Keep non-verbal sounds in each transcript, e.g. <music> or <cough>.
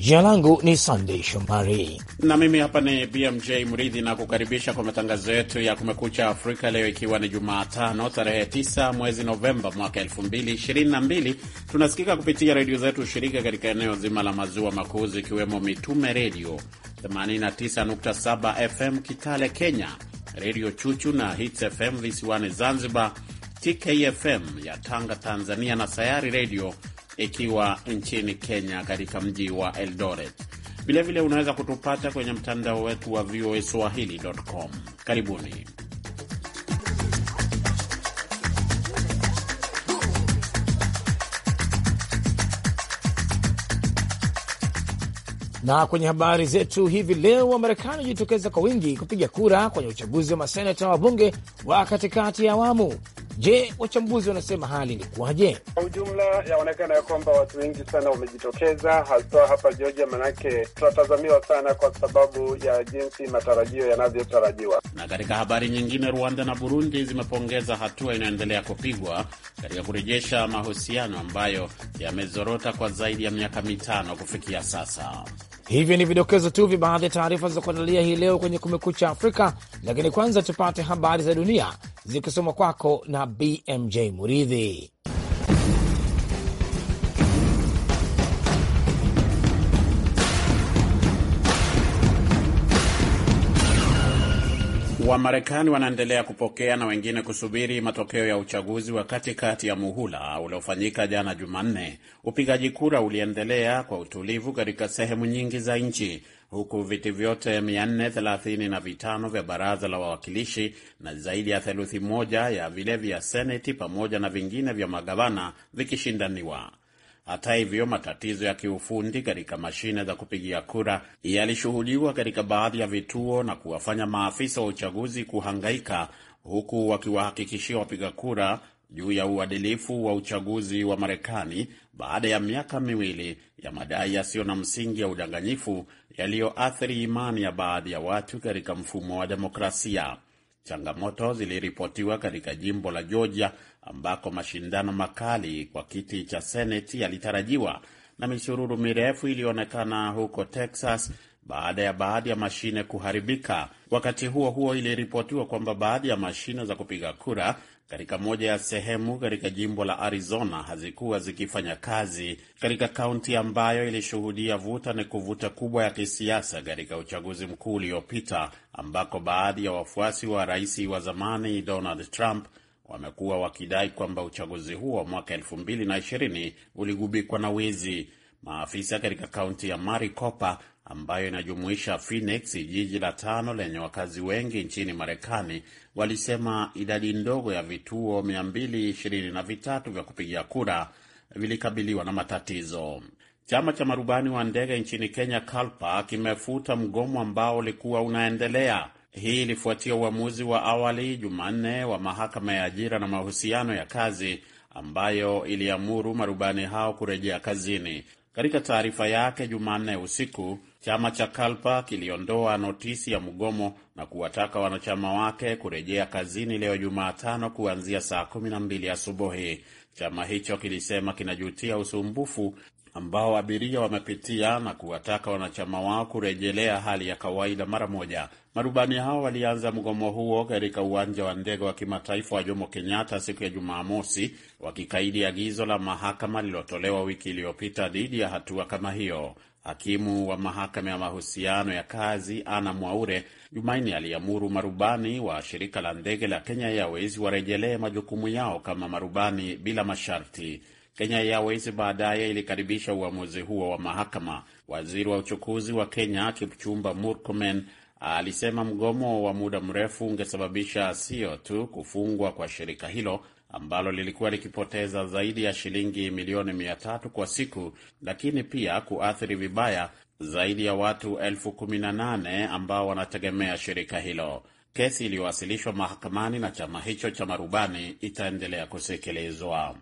Jina langu ni Sandey Shomari na mimi hapa ni BMJ Mridhi na kukaribisha kwa matangazo yetu ya Kumekucha Afrika leo, ikiwa ni Jumatano tarehe 9 mwezi Novemba mwaka 2022. Tunasikika kupitia redio zetu shirika katika eneo zima la maziwa makuu zikiwemo Mitume Redio 89.7 FM Kitale Kenya, Redio Chuchu na Hits FM visiwani Zanzibar, TKFM ya Tanga Tanzania na Sayari Redio ikiwa nchini Kenya, katika mji wa Eldoret. Vilevile unaweza kutupata kwenye mtandao wetu wa VOA Swahili.com. Karibuni. Na kwenye habari zetu hivi leo, Wamarekani wajitokeza kwa wingi kupiga kura kwenye uchaguzi wa maseneta wa bunge wa katikati ya awamu Je, wachambuzi wanasema hali ni kuwaje? Kwa ujumla, yaonekana ya kwamba watu wengi sana wamejitokeza, haswa hapa Georgia, manake tunatazamiwa sana kwa sababu ya jinsi matarajio yanavyotarajiwa. Na katika habari nyingine, Rwanda na Burundi zimepongeza hatua inayoendelea kupigwa katika kurejesha mahusiano ambayo yamezorota kwa zaidi ya miaka mitano kufikia sasa. Hivyo ni vidokezo tu vya baadhi ya taarifa za kuandalia hii leo kwenye Kumekucha Afrika, lakini kwanza tupate habari za dunia zikisoma kwako na BMJ Muridhi. Wamarekani wanaendelea kupokea na wengine kusubiri matokeo ya uchaguzi wa katikati ya muhula uliofanyika jana Jumanne. Upigaji kura uliendelea kwa utulivu katika sehemu nyingi za nchi huku viti vyote 435 vya baraza la wawakilishi na zaidi ya theluthi moja ya vile vya seneti pamoja na vingine vya magavana vikishindaniwa. Hata hivyo, matatizo ya kiufundi katika mashine za kupigia kura yalishuhudiwa katika baadhi ya vituo na kuwafanya maafisa wa uchaguzi kuhangaika huku wakiwahakikishia wapiga kura juu ya uadilifu wa uchaguzi wa Marekani baada ya miaka miwili ya madai yasiyo na msingi ya udanganyifu yaliyoathiri imani ya baadhi ya watu katika mfumo wa demokrasia. Changamoto ziliripotiwa katika jimbo la Georgia ambako mashindano makali kwa kiti cha seneti yalitarajiwa na misururu mirefu ilionekana huko Texas baada ya baadhi ya mashine kuharibika. Wakati huo huo, iliripotiwa kwamba baadhi ya mashine za kupiga kura katika moja ya sehemu katika jimbo la Arizona hazikuwa zikifanya kazi katika kaunti ambayo ilishuhudia vuta ni kuvuta kubwa ya kisiasa katika uchaguzi mkuu uliopita, ambako baadhi ya wafuasi wa rais wa zamani Donald Trump wamekuwa wakidai kwamba uchaguzi huo mwaka 2020 uligubikwa na wizi. Maafisa katika kaunti ya Maricopa ambayo inajumuisha Phoenix, jiji la tano lenye wakazi wengi nchini Marekani, walisema idadi ndogo ya vituo 223 vya kupigia kura vilikabiliwa na matatizo. Chama cha marubani wa ndege nchini Kenya, KALPA, kimefuta mgomo ambao ulikuwa unaendelea. Hii ilifuatia uamuzi wa awali Jumanne wa mahakama ya ajira na mahusiano ya kazi ambayo iliamuru marubani hao kurejea kazini. Katika taarifa yake Jumanne usiku, chama cha Kalpa kiliondoa notisi ya mgomo na kuwataka wanachama wake kurejea kazini leo Jumatano kuanzia saa 12 asubuhi. Chama hicho kilisema kinajutia usumbufu ambao abiria wamepitia na kuwataka wanachama wao kurejelea hali ya kawaida mara moja. Marubani hao walianza mgomo huo katika uwanja wa ndege wa kimataifa wa Jomo Kenyatta siku ya Jumamosi, wakikaidi agizo la mahakama lililotolewa wiki iliyopita dhidi ya hatua kama hiyo. Hakimu wa mahakama ya mahusiano ya kazi Ana Mwaure Jumaini aliamuru marubani wa shirika la ndege la Kenya Airways warejelee majukumu yao kama marubani bila masharti. Kenya Airways baadaye ilikaribisha uamuzi huo wa mahakama. Waziri wa uchukuzi wa Kenya Kipchumba Murkomen alisema mgomo wa muda mrefu ungesababisha sio tu kufungwa kwa shirika hilo ambalo lilikuwa likipoteza zaidi ya shilingi milioni mia tatu kwa siku, lakini pia kuathiri vibaya zaidi ya watu elfu kumi na nane ambao wanategemea shirika hilo. Kesi iliyowasilishwa mahakamani na chama hicho cha marubani itaendelea kusikilizwa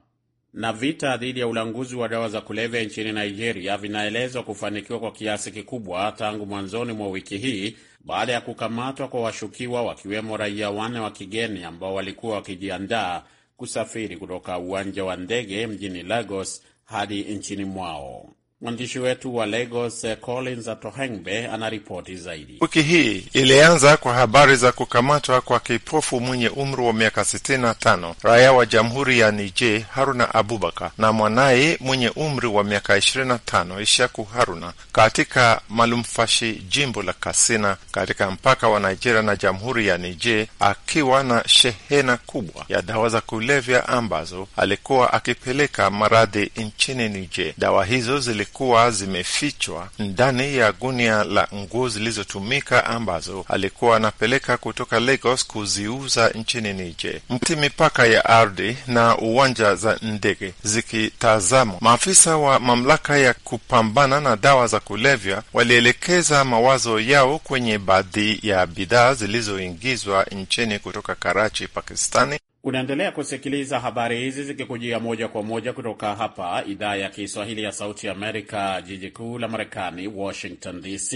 na vita dhidi ya ulanguzi wa dawa za kulevya nchini Nigeria vinaelezwa kufanikiwa kwa kiasi kikubwa tangu mwanzoni mwa wiki hii baada ya kukamatwa kwa washukiwa wakiwemo raia wane wa kigeni ambao walikuwa wakijiandaa kusafiri kutoka uwanja wa ndege mjini Lagos hadi nchini mwao. Mwandishi wetu wa Lagos eh, Collins Atohengbe anaripoti zaidi. Wiki hii ilianza kwa habari za kukamatwa kwa kipofu mwenye umri wa miaka 65 raia wa jamhuri ya Niger Haruna Abubakar na mwanaye mwenye umri wa miaka 25 Ishaku Haruna katika Malumfashi, jimbo la kasina katika mpaka wa Nigeria na jamhuri ya Niger, akiwa na shehena kubwa ya dawa za kulevya ambazo alikuwa akipeleka maradhi nchini Niger. Dawa hizo zili zilikuwa zimefichwa ndani ya gunia la nguo zilizotumika ambazo alikuwa anapeleka kutoka Lagos kuziuza nchini Nije. Mti mipaka ya ardhi na uwanja za ndege zikitazamwa, maafisa wa mamlaka ya kupambana na dawa za kulevya walielekeza mawazo yao kwenye baadhi ya bidhaa zilizoingizwa nchini kutoka Karachi, Pakistani Unaendelea kusikiliza habari hizi zikikujia moja kwa moja kutoka hapa idhaa ya Kiswahili ya Sauti Amerika, jiji kuu la Marekani, Washington DC.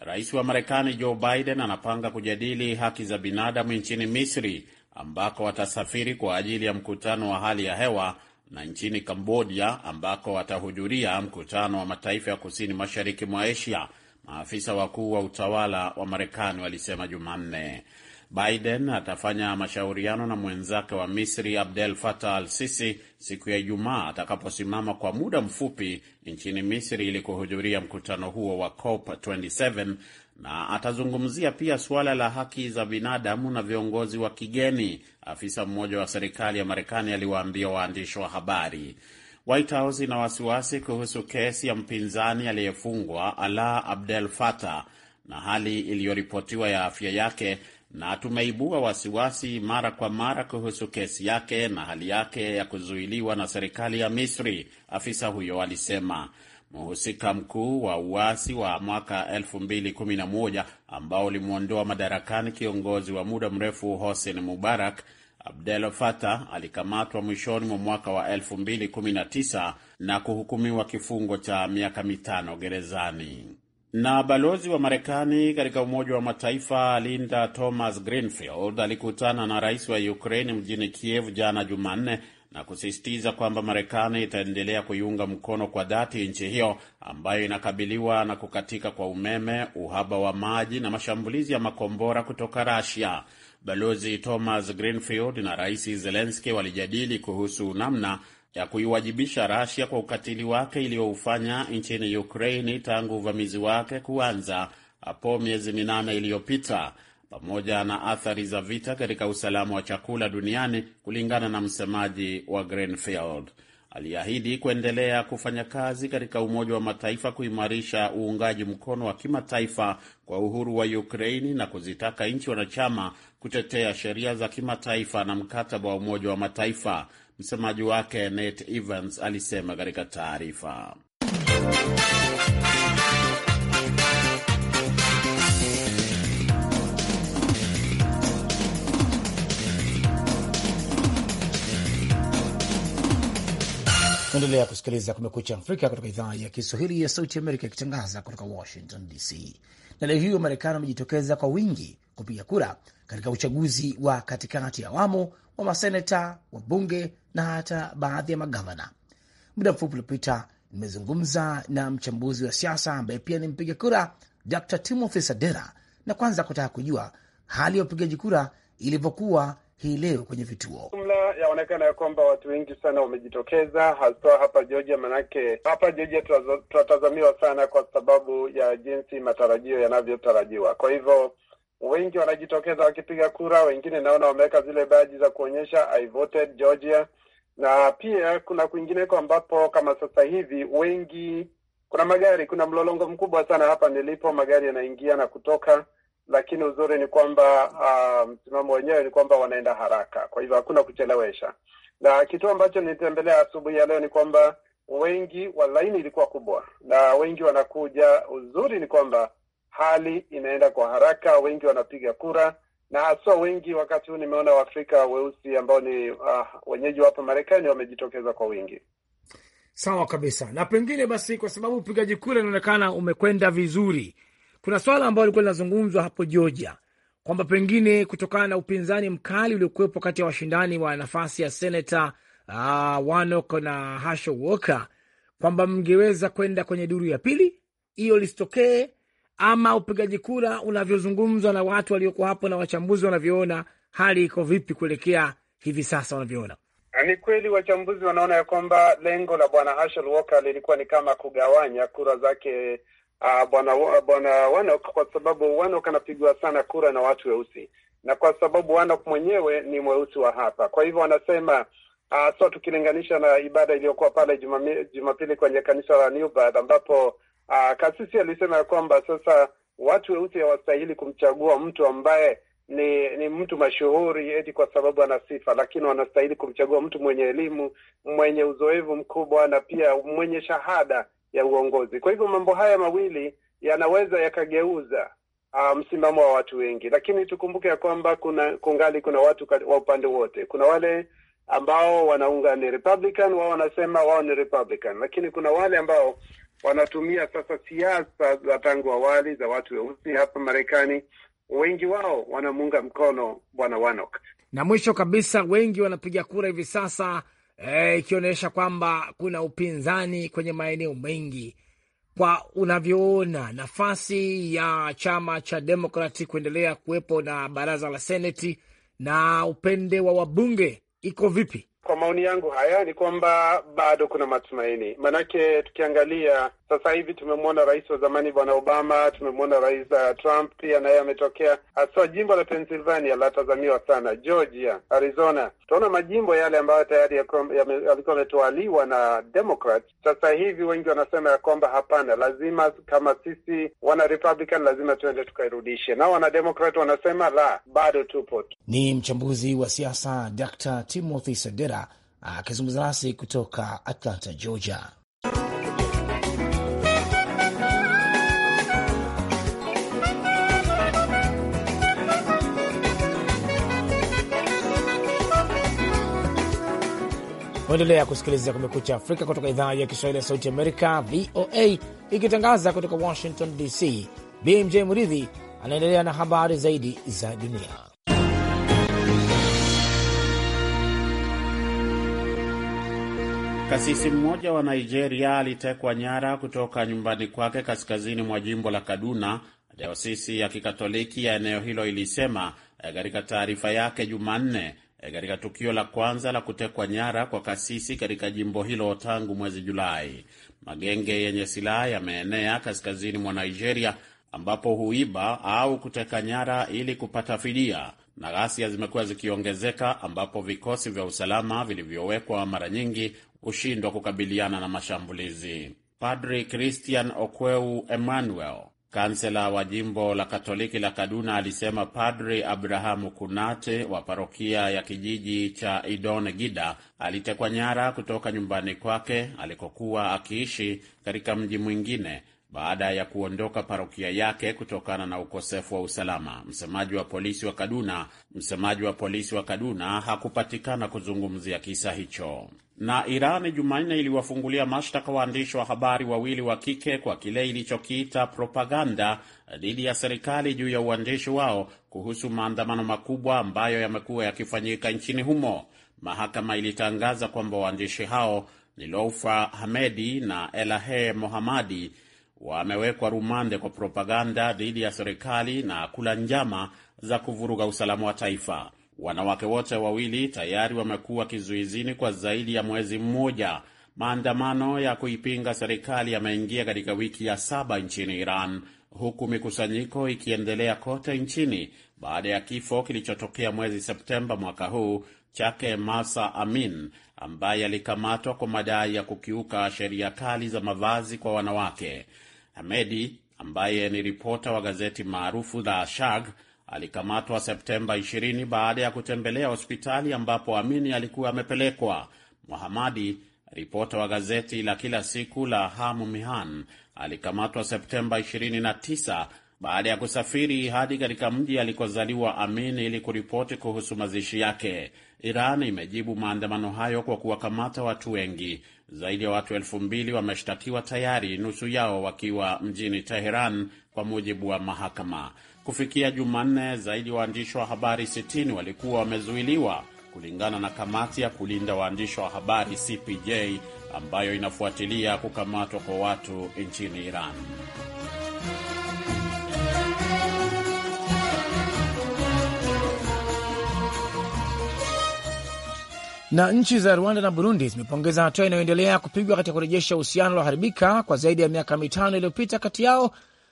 Rais wa Marekani Joe Biden anapanga kujadili haki za binadamu nchini Misri, ambako watasafiri kwa ajili ya mkutano wa hali ya hewa, na nchini Kambodia, ambako atahudhuria mkutano wa mataifa ya kusini mashariki mwa Asia, maafisa wakuu wa utawala wa Marekani walisema Jumanne. Biden atafanya mashauriano na mwenzake wa Misri Abdel Fattah al-Sisi siku ya Ijumaa atakaposimama kwa muda mfupi nchini Misri ili kuhudhuria mkutano huo wa COP 27 na atazungumzia pia suala la haki za binadamu na viongozi wa kigeni, afisa mmoja wa serikali ya Marekani aliwaambia waandishi wa habari. White House ina wasiwasi kuhusu kesi ya mpinzani aliyefungwa ala Abdel Fattah na hali iliyoripotiwa ya afya yake na tumeibua wasiwasi mara kwa mara kuhusu kesi yake na hali yake ya kuzuiliwa na serikali ya Misri, afisa huyo alisema. Mhusika mkuu wa uasi wa mwaka 2011 ambao ulimwondoa madarakani kiongozi wa muda mrefu Hosni Mubarak, Abdel fata alikamatwa mwishoni mwa mwaka wa 2019 na kuhukumiwa kifungo cha miaka mitano gerezani. Na balozi wa Marekani katika Umoja wa Mataifa Linda Thomas Greenfield alikutana na rais wa Ukraini mjini Kiev jana Jumanne na kusisitiza kwamba Marekani itaendelea kuiunga mkono kwa dhati nchi hiyo ambayo inakabiliwa na kukatika kwa umeme, uhaba wa maji na mashambulizi ya makombora kutoka Russia. Balozi Thomas Greenfield na Rais Zelensky walijadili kuhusu namna ya kuiwajibisha Rasia kwa ukatili wake iliyoufanya nchini Ukraini tangu uvamizi wake kuanza hapo miezi minane iliyopita, pamoja na athari za vita katika usalama wa chakula duniani, kulingana na msemaji wa Greenfield. Aliahidi kuendelea kufanya kazi katika Umoja wa Mataifa kuimarisha uungaji mkono wa kimataifa kwa uhuru wa Ukraini na kuzitaka nchi wanachama kutetea sheria za kimataifa na mkataba wa Umoja wa Mataifa Msemaji wake Nate Evans alisema katika taarifa. Endelea kusikiliza Kumekucha Afrika kutoka idhaa ya Kiswahili ya Sauti Amerika ikitangaza kutoka Washington DC. Na leo hii Wamarekani wamejitokeza kwa wingi kupiga kura katika uchaguzi wa katikati ya awamu wa maseneta, wabunge na hata baadhi ya magavana. Muda mfupi uliopita nimezungumza na mchambuzi wa siasa ambaye pia ni mpiga kura Dr Timothy Sadera, na kwanza kutaka kujua hali ya upigaji kura ilivyokuwa hii leo kwenye vituo. Jumla yaonekana ya kwamba watu wengi sana wamejitokeza, haswa hapa Georgia. Manake hapa Georgia tunatazamiwa sana kwa sababu ya jinsi matarajio yanavyotarajiwa, kwa hivyo wengi wanajitokeza wakipiga kura, wengine naona wameweka zile baji za kuonyesha I voted Georgia, na pia kuna kwingineko ambapo kama sasa hivi wengi, kuna magari, kuna mlolongo mkubwa sana hapa nilipo, magari yanaingia na kutoka, lakini uzuri ni kwamba ah, msimamo um, wenyewe ni kwamba wanaenda haraka, kwa hivyo hakuna kuchelewesha. Na kitu ambacho nilitembelea asubuhi ya leo ni kwamba wengi wa laini ilikuwa kubwa na wengi wanakuja. Uzuri ni kwamba hali inaenda kwa haraka, wengi wanapiga kura na haswa wengi wakati huu nimeona Waafrika weusi ambao ni uh, wenyeji wa hapa Marekani wamejitokeza kwa wingi. Sawa kabisa. Na pengine basi, kwa sababu upigaji kura inaonekana umekwenda vizuri, kuna swala ambalo likuwa linazungumzwa hapo Georgia kwamba pengine kutokana na upinzani mkali uliokuwepo kati ya washindani wa nafasi ya senata uh, Warnock na Herschel Walker kwamba mngeweza kwenda kwenye duru ya pili, hiyo lisitokee ama upigaji kura unavyozungumzwa na watu waliokuwa hapo na wachambuzi wanavyoona, hali iko vipi kuelekea hivi sasa wanavyoona? Ah, ni kweli wachambuzi wanaona ya kwamba lengo la bwana Herschel Walker lilikuwa ni kama kugawanya kura zake uh, bwana bwana Wanok, kwa sababu Wanok anapigwa sana kura na watu weusi, na kwa sababu Wanok mwenyewe ni mweusi wa hapa. Kwa hivyo wanasema uh, ah, so tukilinganisha na ibada iliyokuwa pale Jumapili kwenye kanisa la ambapo Aa, ah, Kasisi alisema ya kwamba sasa watu weusi hawastahili kumchagua mtu ambaye ni ni mtu mashuhuri eti kwa sababu ana sifa, lakini wanastahili kumchagua mtu mwenye elimu, mwenye uzoefu mkubwa na pia mwenye shahada ya uongozi. Kwa hivyo mambo haya mawili yanaweza yakageuza ah, msimamo wa watu wengi, lakini tukumbuke ya kwamba kuna kungali kuna watu wa upande wote. Kuna wale ambao wanaunga ni Republican, wao wanasema wao ni Republican, lakini kuna wale ambao wanatumia sasa siasa za tangu awali za watu weusi hapa Marekani. Wengi wao wanamuunga mkono bwana Wanok, na mwisho kabisa wengi wanapiga kura hivi sasa eh, ikionyesha e, kwamba kuna upinzani kwenye maeneo mengi. Kwa unavyoona nafasi ya chama cha Demokrati kuendelea kuwepo na baraza la Seneti na upende wa wabunge iko vipi? Kwa maoni yangu haya ni kwamba bado kuna matumaini, manake tukiangalia sasa hivi tumemwona rais wa zamani bwana Obama, tumemwona rais uh, Trump pia naye ametokea, hasa uh, jimbo la Pennsylvania latazamiwa sana, Georgia, Arizona. Tunaona majimbo yale ambayo tayari yalikuwa yametwaliwa na Democrat. Sasa hivi wengi wanasema ya kwamba hapana, lazima kama sisi wana Republican lazima tuende tukairudishe, nao wana Democrat wanasema la, bado tupo. Ni mchambuzi wa siasa Dr. Timothy Sadera akizungumza nasi kutoka Atlanta, Georgia. Waendelea kusikiliza Kumekucha Afrika kutoka idhaa ya Kiswahili ya Sauti Amerika, VOA, ikitangaza kutoka Washington DC. BMJ Muridhi anaendelea na habari zaidi za dunia. Kasisi mmoja wa Nigeria alitekwa nyara kutoka nyumbani kwake kaskazini mwa jimbo la Kaduna, dayosisi ya Kikatoliki ya eneo hilo ilisema eh, katika taarifa yake Jumanne E, katika tukio la kwanza la kutekwa nyara kwa kasisi katika jimbo hilo tangu mwezi Julai. Magenge yenye silaha yameenea kaskazini mwa Nigeria ambapo huiba au kuteka nyara ili kupata fidia, na ghasia zimekuwa zikiongezeka ambapo vikosi vya usalama vilivyowekwa mara nyingi hushindwa kukabiliana na mashambulizi. Padri Christian Okweu Emmanuel Kansela wa jimbo la Katoliki la Kaduna alisema Padri Abrahamu Kunate wa parokia ya kijiji cha Idon Gida alitekwa nyara kutoka nyumbani kwake alikokuwa akiishi katika mji mwingine baada ya kuondoka parokia yake kutokana na ukosefu wa usalama. Msemaji wa polisi wa Kaduna, msemaji wa polisi wa Kaduna hakupatikana kuzungumzia kisa hicho. Na Irani Jumanne iliwafungulia mashtaka waandishi wa habari wawili wa kike kwa kile ilichokiita propaganda dhidi ya serikali juu ya uandishi wao kuhusu maandamano makubwa ambayo yamekuwa yakifanyika nchini humo. Mahakama ilitangaza kwamba waandishi hao Niloufa Hamedi na Elahe Mohamadi wamewekwa rumande kwa propaganda dhidi ya serikali na kula njama za kuvuruga usalama wa taifa. Wanawake wote wawili tayari wamekuwa kizuizini kwa zaidi ya mwezi mmoja. Maandamano ya kuipinga serikali yameingia katika wiki ya saba nchini Iran, huku mikusanyiko ikiendelea kote nchini baada ya kifo kilichotokea mwezi Septemba mwaka huu chake Masa Amin ambaye alikamatwa kwa madai ya kukiuka sheria kali za mavazi kwa wanawake. Hamedi ambaye ni ripota wa gazeti maarufu la Shag alikamatwa Septemba 20 baada ya kutembelea hospitali ambapo Amini alikuwa amepelekwa. Muhamadi, ripota wa gazeti la kila siku la Hamu Mihan, alikamatwa Septemba 29 baada ya kusafiri hadi katika mji alikozaliwa Amin ili kuripoti kuhusu mazishi yake. Iran imejibu maandamano hayo kwa kuwakamata watu wengi. Zaidi ya watu elfu mbili wameshtakiwa tayari, nusu yao wakiwa mjini Teheran, kwa mujibu wa mahakama. Kufikia Jumanne, zaidi ya waandishi wa habari 60 walikuwa wamezuiliwa kulingana na kamati ya kulinda waandishi wa habari CPJ ambayo inafuatilia kukamatwa kwa watu nchini Iran. Na nchi za Rwanda na Burundi zimepongeza hatua inayoendelea kupigwa katika kurejesha uhusiano ulioharibika kwa zaidi ya miaka mitano iliyopita kati yao.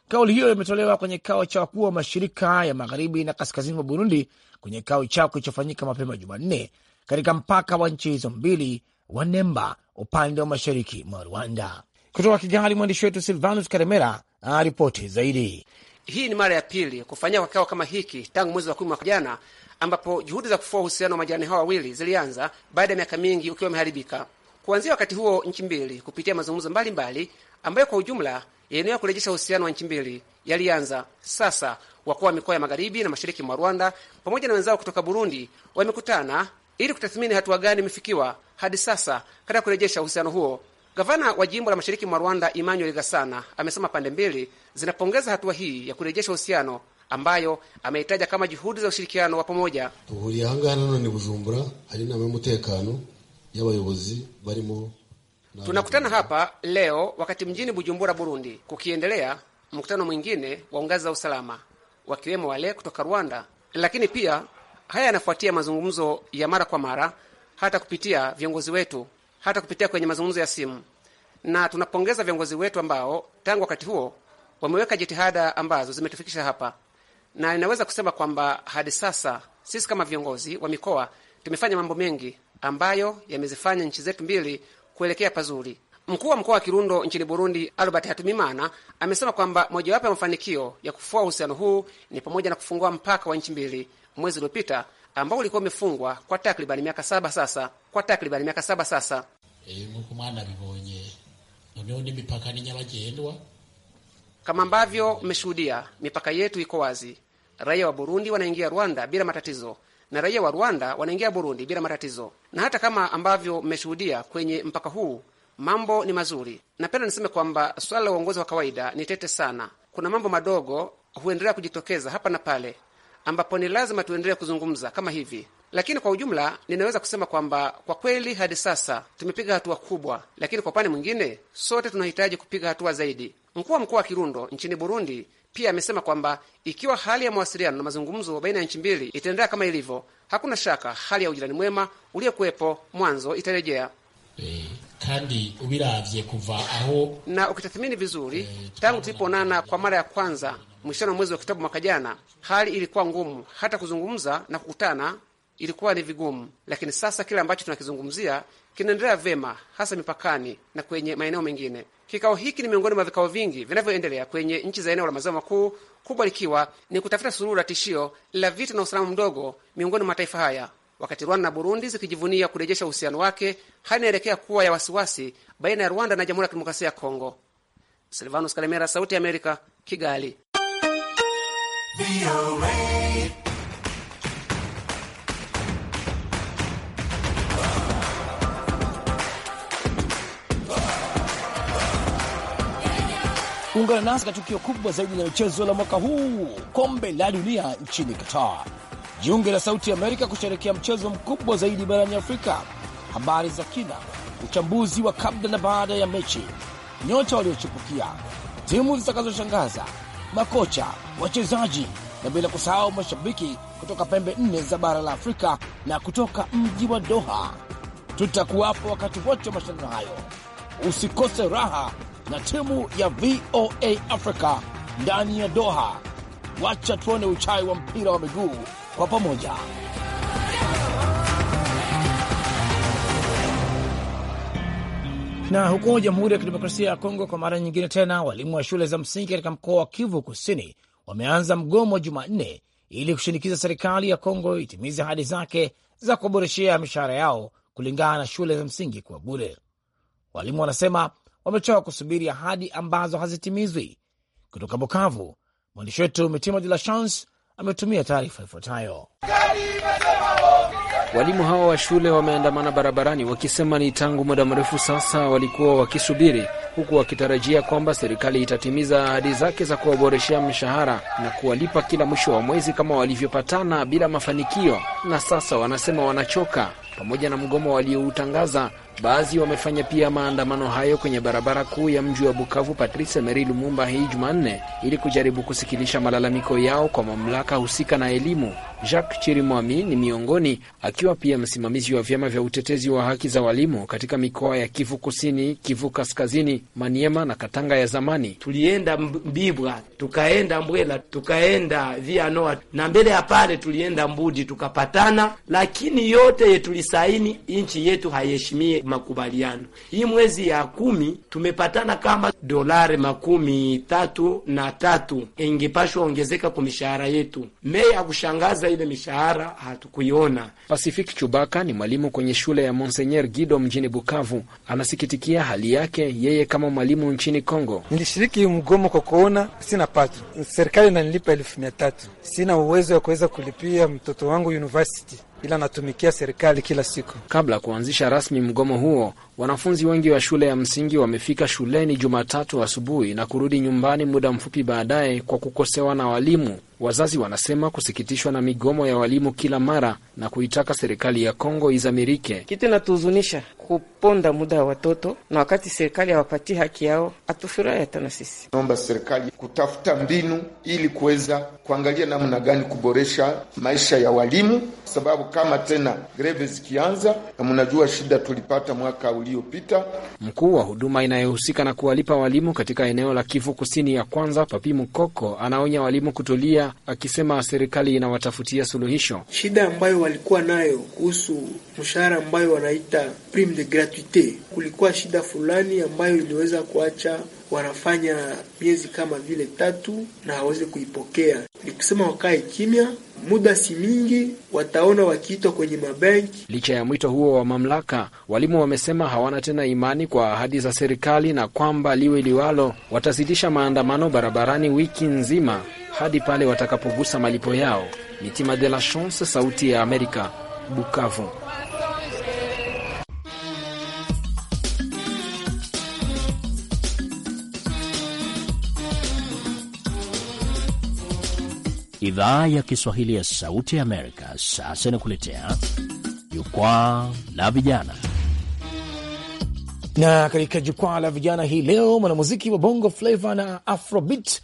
Kauli hiyo imetolewa kwenye kikao cha wakuu wa mashirika ya magharibi na kaskazini mwa Burundi kwenye kikao chao kilichofanyika mapema Jumanne katika mpaka wa nchi hizo mbili wa Nemba, upande wa mashariki mwa Rwanda. Kutoka Kigali, mwandishi wetu Silvanus Karemera aripoti zaidi. Hii ni mara ya pili kufanyika kwa kikao kama hiki tangu mwezi wa kumi mwaka jana ambapo juhudi za kufua uhusiano wa majirani hao wawili zilianza baada ya miaka mingi ukiwa umeharibika. Kuanzia wakati huo, nchi mbili kupitia mazungumzo mbalimbali ambayo kwa ujumla yaenewa kurejesha uhusiano wa nchi mbili yalianza. Sasa wakuu wa mikoa ya magharibi na mashariki mwa Rwanda pamoja na wenzao kutoka Burundi wamekutana ili kutathmini hatua gani imefikiwa hadi sasa katika kurejesha uhusiano huo. Gavana wa jimbo la mashariki mwa Rwanda Emmanuel Gasana amesema pande mbili zinapongeza hatua hii ya kurejesha uhusiano ambayo ameitaja kama juhudi za ushirikiano wa pamoja. ni Bujumbura hari inama y'umutekano y'abayobozi barimo. Tunakutana hapa leo wakati mjini Bujumbura, Burundi, kukiendelea mkutano mwingine wa ngazi za usalama wakiwemo wale kutoka Rwanda, lakini pia haya yanafuatia mazungumzo ya mara kwa mara, hata kupitia viongozi wetu, hata kupitia kwenye mazungumzo ya simu, na tunapongeza viongozi wetu ambao tangu wakati huo wameweka jitihada ambazo zimetufikisha hapa na inaweza kusema kwamba hadi sasa sisi kama viongozi wa mikoa tumefanya mambo mengi ambayo yamezifanya nchi zetu mbili kuelekea pazuri. Mkuu wa mkoa wa Kirundo nchini Burundi, Albert Hatumimana, amesema kwamba mojawapo ya mafanikio ya kufua uhusiano huu ni pamoja na kufungua mpaka wa nchi mbili mwezi uliopita ambao ulikuwa umefungwa kwa takribani miaka saba sasa, kwa takribani miaka saba sasa. Eh, kama ambavyo mmeshuhudia, mipaka yetu iko wazi raia wa Burundi wanaingia Rwanda bila matatizo na raia wa Rwanda wanaingia Burundi bila matatizo. Na hata kama ambavyo mmeshuhudia kwenye mpaka huu, mambo ni mazuri. Napenda niseme kwamba swala la uongozi wa kawaida ni tete sana. Kuna mambo madogo huendelea kujitokeza hapa na pale, ambapo ni lazima tuendelee kuzungumza kama hivi. Lakini kwa ujumla, ninaweza kusema kwamba kwa kweli hadi sasa tumepiga hatua kubwa, lakini kwa upande mwingine, sote tunahitaji kupiga hatua zaidi. Mkuu wa mkoa wa Kirundo nchini Burundi pia amesema kwamba ikiwa hali ya mawasiliano na mazungumzo baina ya nchi mbili itaendelea kama ilivyo, hakuna shaka hali ya ujirani mwema uliokuwepo mwanzo itarejea. Eh, kandi ubiravye kuva aho na ukitathmini vizuri e, tangu tulipoonana kwa mara ya kwanza mwishano wa mwezi wa kitabu mwaka jana, hali ilikuwa ngumu, hata kuzungumza na kukutana ilikuwa ni vigumu, lakini sasa kile ambacho tunakizungumzia kinaendelea vema, hasa mipakani na kwenye maeneo mengine. Kikao hiki ni miongoni mwa vikao vingi vinavyoendelea kwenye nchi za eneo la maziwa makuu, kubwa likiwa ni kutafuta suluhu la tishio la vita na usalama mdogo miongoni mwa mataifa haya. Wakati Rwanda na Burundi zikijivunia kurejesha uhusiano wake, hali inaelekea kuwa ya wasiwasi baina ya Rwanda na Jamhuri ya Kidemokrasia ya Kongo. Silvanus Kalemera, Sauti ya Amerika, Kigali. Ungana nasi katika tukio kubwa zaidi la michezo la mwaka huu, kombe la dunia nchini Qatar. Jiunge na Sauti Amerika kusherekea mchezo mkubwa zaidi barani Afrika. Habari za kina, uchambuzi wa kabla na baada ya mechi, nyota waliochipukia, timu zitakazoshangaza, makocha, wachezaji na bila kusahau mashabiki kutoka pembe nne za bara la Afrika na kutoka mji wa Doha. Tutakuwapo wakati wote wa mashindano hayo. Usikose raha na timu ya VOA Africa ndani ya Doha. Wacha tuone uchai wa mpira wa miguu kwa pamoja. Na huko Jamhuri ya Kidemokrasia ya Kongo, kwa mara nyingine tena, walimu wa shule za msingi katika mkoa wa Kivu Kusini wameanza mgomo Jumanne ili kushinikiza serikali ya Kongo itimize ahadi zake za kuboreshea mishahara yao kulingana na shule za msingi kuwa bure. Walimu wanasema wamechoka kusubiri ahadi ambazo hazitimizwi. Kutoka Bukavu, mwandishi wetu Mitima De La Chance ametumia taarifa ifuatayo. Walimu hawa wa shule wameandamana barabarani wakisema ni tangu muda mrefu sasa walikuwa wakisubiri huku wakitarajia kwamba serikali itatimiza ahadi zake za kuwaboreshea mshahara na kuwalipa kila mwisho wa mwezi kama walivyopatana bila mafanikio, na sasa wanasema wanachoka. Pamoja na mgomo walioutangaza, baadhi wamefanya pia maandamano hayo kwenye barabara kuu ya mji wa Bukavu Patrice Emery Lumumba hii Jumanne ili kujaribu kusikilisha malalamiko yao kwa mamlaka husika na elimu. Jacques Chirimwami ni miongoni, akiwa pia msimamizi wa vyama vya utetezi wa haki za walimu katika mikoa ya Kivu Kusini, Kivu Kaskazini, Maniema na Katanga ya zamani. Tulienda Mbibwa, tukaenda Mbwela, tukaenda Vianoa na mbele ya pale tulienda Mbudi tukapatana, lakini yote yetulisaini nchi yetu haiheshimie makubaliano. Hii mwezi ya kumi tumepatana kama dolari makumi tatu na tatu ingepashwa ongezeka kwa mishahara yetu. Mei ya kushangaza ile mishahara hatukuiona. Pacific Chubaka ni mwalimu kwenye shule ya Monsenyer Gido mjini Bukavu, anasikitikia hali yake yeye kama mwalimu nchini Kongo. Nilishiriki mgomo kwa kuona sina pato, serikali inanilipa elfu mia tatu. Sina uwezo wa kuweza kulipia mtoto wangu university ila natumikia serikali kila siku. Kabla ya kuanzisha rasmi mgomo huo, wanafunzi wengi wa shule ya msingi wamefika shuleni Jumatatu asubuhi na kurudi nyumbani muda mfupi baadaye kwa kukosewa na walimu Wazazi wanasema kusikitishwa na migomo ya walimu kila mara na kuitaka serikali ya Kongo izamirike. Kitu inatuhuzunisha kuponda muda wa watoto, na wakati serikali hawapatii haki yao, hatufurahi hata na sisi. Naomba serikali kutafuta mbinu ili kuweza kuangalia namna gani kuboresha maisha ya walimu, kwa sababu kama tena greve zikianza, na mnajua shida tulipata mwaka uliopita. Mkuu wa huduma inayohusika na kuwalipa walimu katika eneo la Kivu Kusini ya kwanza, Papi Mukoko, anaonya walimu kutulia akisema serikali inawatafutia suluhisho. Shida ambayo walikuwa nayo kuhusu mshahara ambayo wanaita prime de gratuite, kulikuwa shida fulani ambayo iliweza kuacha wanafanya miezi kama vile tatu na hawezi kuipokea. Ni kusema wakae kimya, muda si mingi wataona wakiitwa kwenye mabenki. Licha ya mwito huo wa mamlaka, walimu wamesema hawana tena imani kwa ahadi za serikali na kwamba liwe liwalo, watazidisha maandamano barabarani wiki nzima hadi pale watakapogusa malipo yao. Mitima de la Chance, Sauti ya Amerika, Bukavu. Idhaa ya Kiswahili ya Sauti ya Amerika sasa inakuletea Jukwaa la Vijana, na katika Jukwaa la Vijana hii leo mwanamuziki wa Bongo Flava na Afrobeat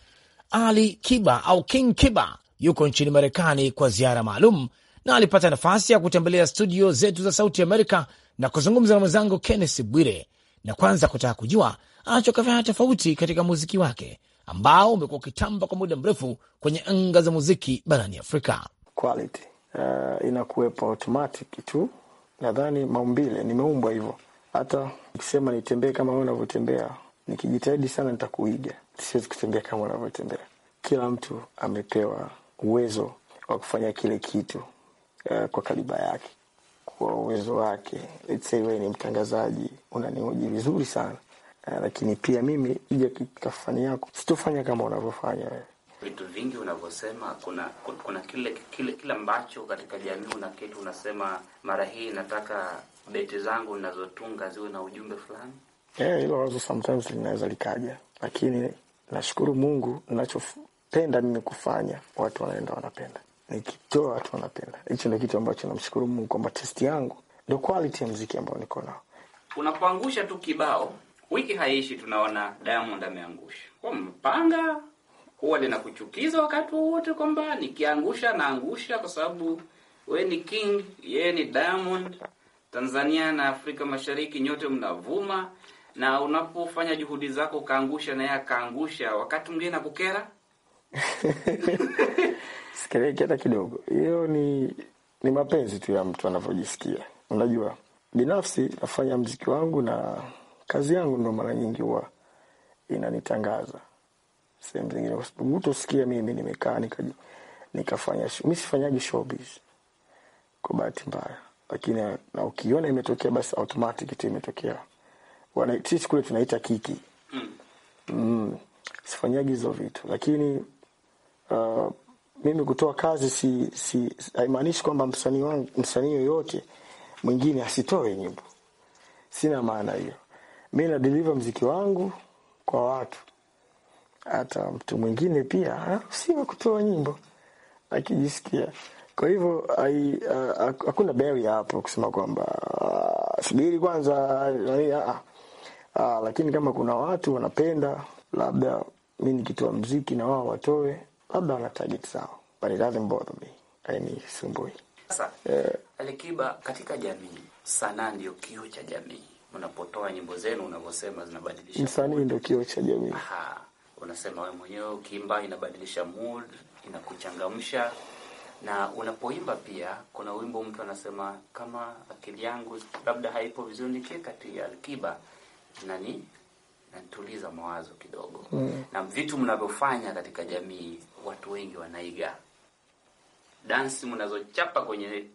Ali Kiba au King Kiba yuko nchini Marekani kwa ziara maalum, na alipata nafasi ya kutembelea studio zetu za Sauti Amerika na kuzungumza na mwenzangu Kenneth Bwire, na kwanza kutaka kujua anachokafanya tofauti katika muziki wake ambao umekuwa ukitamba kwa muda mrefu kwenye anga za muziki barani Afrika. Quality uh, inakuwepo automatic tu. Nadhani maumbile nimeumbwa hivyo, hata ukisema nitembee kama wewe unavyotembea, nikijitahidi sana nitakuiga, siwezi kutembea kama unavyotembea. Kila mtu amepewa uwezo wa kufanya kile kitu uh, kwa kaliba yake, kwa uwezo wake. Let's say wewe ni mtangazaji, unanihoji vizuri sana Eh, lakini pia mimi ija kafani yako sitofanya kama unavyofanya wewe. Vitu vingi unavyosema, kuna kuna kile kile kile ambacho katika jamii una kitu unasema, mara hii nataka beti zangu nazotunga ziwe na ujumbe fulani. Yeah, hilo wazo sometimes linaweza likaja, lakini nashukuru Mungu, nachopenda mimi kufanya watu wanaenda wanapenda, nikitoa watu wanapenda. Hicho ndio kitu ambacho namshukuru Mungu kwamba testi yangu ndio quality ya mziki ambao niko nao. Unapoangusha tu kibao wiki haishi, tunaona Diamond ameangusha kwa mpanga. Huwa linakuchukiza wakati wowote kwamba nikiangusha naangusha, kwa sababu we ni king, yeye ni Diamond. Tanzania na Afrika Mashariki nyote mnavuma, na unapofanya juhudi zako ukaangusha na akaangusha, wakati mwingine nakukera <laughs> sikereki hata kidogo. Hiyo ni ni mapenzi tu ya mtu anavyojisikia. Unajua, binafsi nafanya mziki wangu na kazi yangu ndo mara nyingi huwa inanitangaza sehemu zingine, kwa sababu utosikia mimi nimekaa nikafanya show. Mi sifanyaji showbiz kwa bahati mbaya, lakini na ukiona imetokea basi automatic tu imetokea. Wana kule tunaita kiki. Mm, Sifanyagi hizo vitu, lakini uh, mimi kutoa kazi si si haimaanishi kwamba msanii wangu msanii yoyote mwingine asitoe nyimbo, sina maana hiyo mi nadiliva mziki wangu kwa watu, hata mtu mwingine pia ah, si wa kutoa nyimbo akijisikia. Kwa hivyo hakuna beri hapo kusema kwamba ah, subiri kwanza nani, a, ah, a, lakini kama kuna watu wanapenda labda mi nikitoa mziki na wao watoe, labda wana target sawa, but it doesn't bother me, Sasa eh. Alikiba, katika jamii sanaa ndio kio cha jamii unapotoa nyimbo zenu unavyosema zinabadilisha. Msanii ndio kio cha jamii. Aha, unasema wewe mwenyewe ukiimba inabadilisha mood, inakuchangamsha na unapoimba pia. Kuna wimbo mtu anasema kama akili yangu labda haipo vizuri, nikiweka kati ya Alikiba nani natuliza mawazo kidogo mm. Na vitu mnavyofanya katika jamii, watu wengi wanaiga dansi mnazochapa kwenye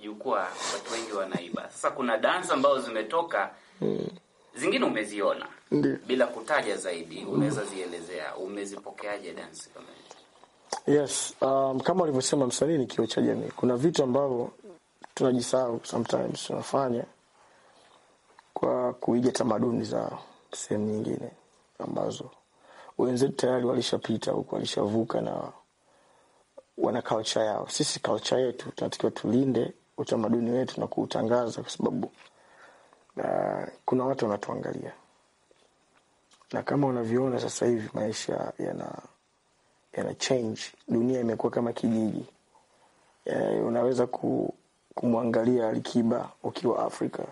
jukwaa watu wengi wanaiba. Sasa kuna dansa ambazo zimetoka hmm. Zingine umeziona Ndi. bila kutaja zaidi, unaweza zielezea, umezipokeaje dansi kama hizo? Yes, um, kama ulivyosema msanii ni kioo cha jamii. Kuna vitu ambavyo tunajisahau sometimes tunafanya kwa kuiga tamaduni za sehemu nyingine ambazo wenzetu tayari walishapita huku, walishavuka na wana culture yao. Sisi culture yetu tunatakiwa tulinde utamaduni wetu na kuutangaza, kwa sababu uh, kuna watu wanatuangalia, na kama unavyoona sasa hivi maisha yana yana change, dunia imekuwa kama kijiji. Uh, unaweza ku, kumwangalia Alikiba ukiwa Afrika,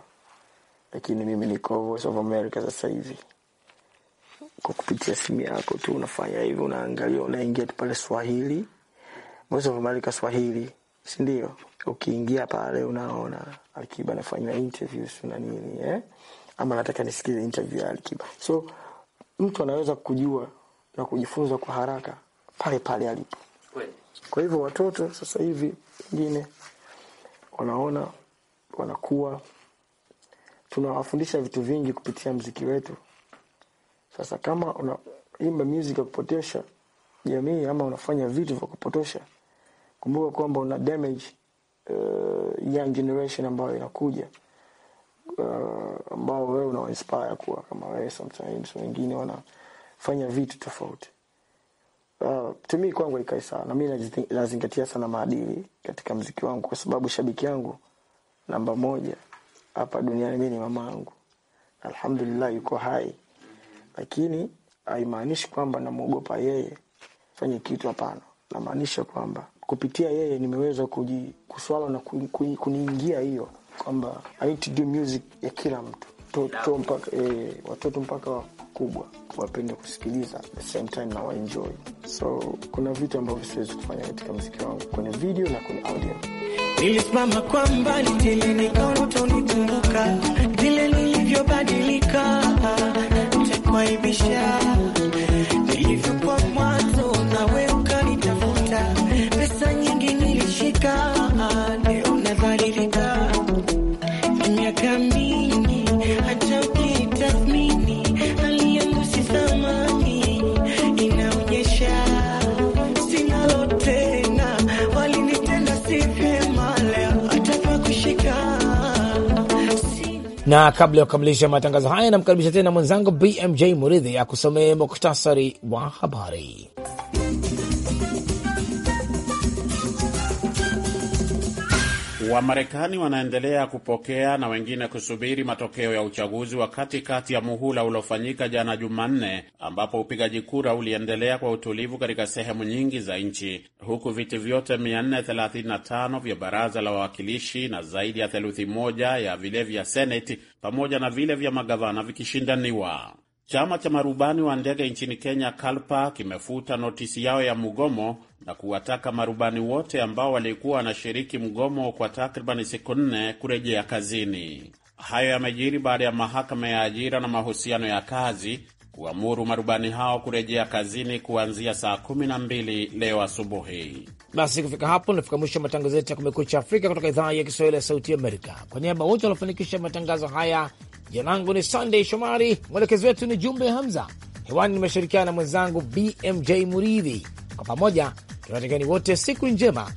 lakini mimi niko Voice of America sasa hivi kwa kupitia simu yako tu unafanya hivi, unaangalia, unaingia tu pale Swahili, Voice of America Swahili si ndio? Ukiingia pale unaona Alikiba anafanya interviews na nini eh? Ama nataka nisikize interview ya Alikiba. So mtu anaweza kujua na kujifunza kwa haraka pale pale alipo. Kwa hivyo watoto sasa hivi pengine wanaona wanakuwa, tunawafundisha vitu vingi kupitia mziki wetu. Sasa kama unaimba music ya kupotosha jamii ama unafanya vitu vya kupotosha kumbuka kwamba una damage uh, young generation ambayo inakuja uh, ambao wewe una inspire kuwa kama wewe. Sometimes wengine wanafanya vitu tofauti. Uh, to me kwangu ikai sawa, na mimi nazingatia sana maadili katika mziki wangu, kwa sababu shabiki yangu namba moja hapa duniani mimi ni mama yangu, alhamdulillah yuko hai, lakini haimaanishi kwamba namwogopa yeye fanye kitu, hapana. Namaanisha kwamba kupitia yeye nimeweza kuswala na kuniingia hiyo kwamba I need to do music ya kila mtu toto mpaka eh, watoto mpaka wakubwa wapende kusikiliza at the same time na waenjoy. So kuna vitu ambavyo siwezi kufanya katika mziki wangu kwenye video na kwenye audio. Nilisimama kwa mbali tili, nikaona utanikumbuka vile nilivyobadilika, utakuaibisha nilivyokuwa na kabla ya kukamilisha matangazo haya, namkaribisha tena mwenzangu BMJ Muridhi akusomee muktasari wa habari. Wamarekani wanaendelea kupokea na wengine kusubiri matokeo ya uchaguzi wa katikati ya muhula uliofanyika jana Jumanne, ambapo upigaji kura uliendelea kwa utulivu katika sehemu nyingi za nchi, huku viti vyote 435 vya baraza la wawakilishi na zaidi ya theluthi moja ya vile vya seneti pamoja na vile vya magavana vikishindaniwa. Chama cha marubani wa ndege nchini Kenya, KALPA, kimefuta notisi yao ya mgomo na kuwataka marubani wote ambao walikuwa wanashiriki mgomo kwa takribani siku nne kurejea kazini. Hayo yamejiri baada ya mahakama ya ajira na mahusiano ya kazi kuamuru marubani hao kurejea kazini kuanzia saa kumi na mbili leo asubuhi. Basi kufika hapo nafika mwisho wa matangazo yetu ya Kumekucha Afrika kutoka idhaa ya Kiswahili ya Sauti Amerika. Kwa niaba wote waliofanikisha matangazo haya, jina langu ni Sandey Shomari, mwelekezi wetu ni Jumbe Hamza. Hewani nimeshirikiana na mwenzangu BMJ Muridhi. Kwa pamoja Tunatakieni wote siku njema.